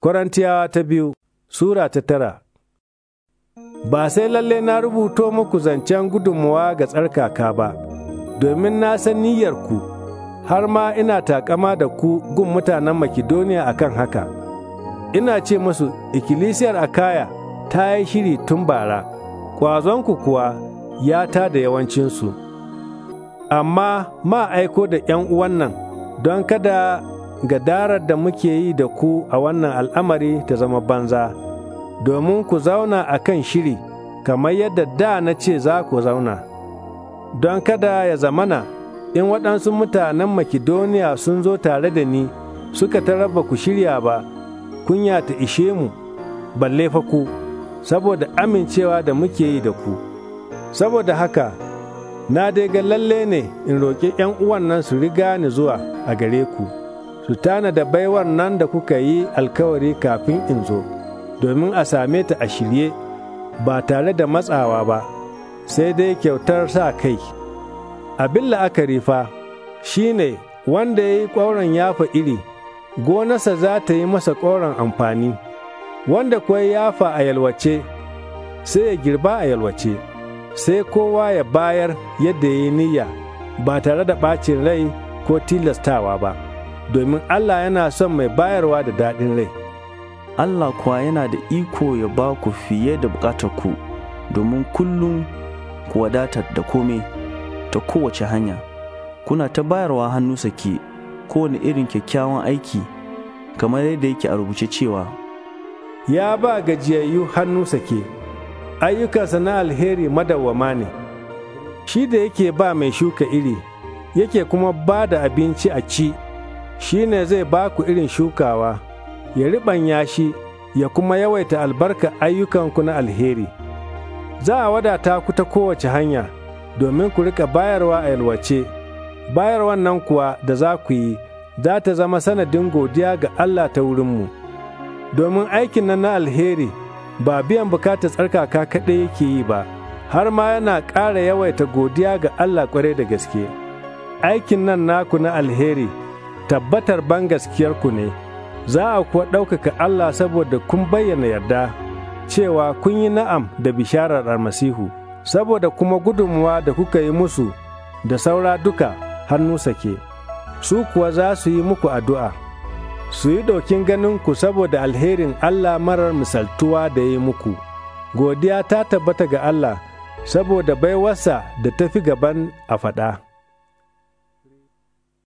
Korintiyawa ta biyu Sura ta tara Ba sai lalle na rubuto muku zancen gudunmuwa ga tsarkaka ba, domin na san niyyarku, har ma ina takama da ku gun mutanen Makidoniya kan haka. Ina ce musu, ikkilisiyar Akaya ta yi shiri tun bara, ƙwazonku kuwa ya ta da yawancinsu. Amma ma aiko da ’yan uwan nan don kada gadarar da muke yi da ku a wannan al'amari ta zama banza, domin ku zauna a kan shiri, kamar yadda da na ce za ku zauna. Don kada ya zamana, in waɗansu mutanen Makidoniya sun zo tare da ni suka taraba ku shirya ba, kunya ta ishe mu, balle fa ku, saboda amincewa da muke yi da ku. Saboda haka, na dai ga lalle ne in roƙi uwan nan su riga ni zuwa a gare ku. su tana da baiwar nan da kuka yi alkawari kafin in zo, domin a same ta a shirye ba tare da matsawa ba, sai dai kyautar sa kai. Abin la'akari fa shi ne wanda ya yi ƙwauren yafa iri, gonarsa za ta yi masa ƙwauren amfani, wanda kuwa yafa a yalwace, sai ya girba a yalwace, sai kowa ya bayar yadda ya yi niyya ba tare da ɓacin rai ko tilastawa ba. domin Allah yana son mai bayarwa da daɗin rai. Allah kuwa yana da iko ya ba ku fiye da buƙatar ku domin kullum ku wadatar da kome ta kowace hanya. Kuna ta bayarwa hannu sake kowane irin kyakkyawan aiki kamar yadda yake a rubuce cewa. Ya ba gajiyayyu hannu sake, ayyukansa na alheri madawwama ne, shi da yake ba mai shuka iri, yake kuma ba da abinci a ci. shi ne zai ba ku irin shukawa, ya riɓan yashi ya kuma yawaita albarka ayyukanku na alheri. Za a wadata ku ta kowace hanya, domin ku rika bayarwa a yalwace, bayarwan nan kuwa da za ku yi, za ta zama sanadin godiya ga Allah ta wurinmu. Domin aikin nan na alheri ba biyan bukatar tsarkaka kaɗai yake yi ba, har ma yana ƙara yawaita godiya ga Allah ƙwarai da gaske. Aikin nan naku na alheri. tabbatar ban gaskiyarku ne, za a kuwa ɗaukaka Allah saboda kun bayyana yarda cewa kun yi na'am da bisharar almasihu, saboda kuma gudunmuwa da kuka yi musu da saura duka hannu sake, su kuwa za su yi muku addu'a, su yi ɗokin ku saboda alherin Allah marar misaltuwa da ya yi muku. Godiya ta tabbata ga Allah saboda baiwarsa da ta fi gaban a faɗa.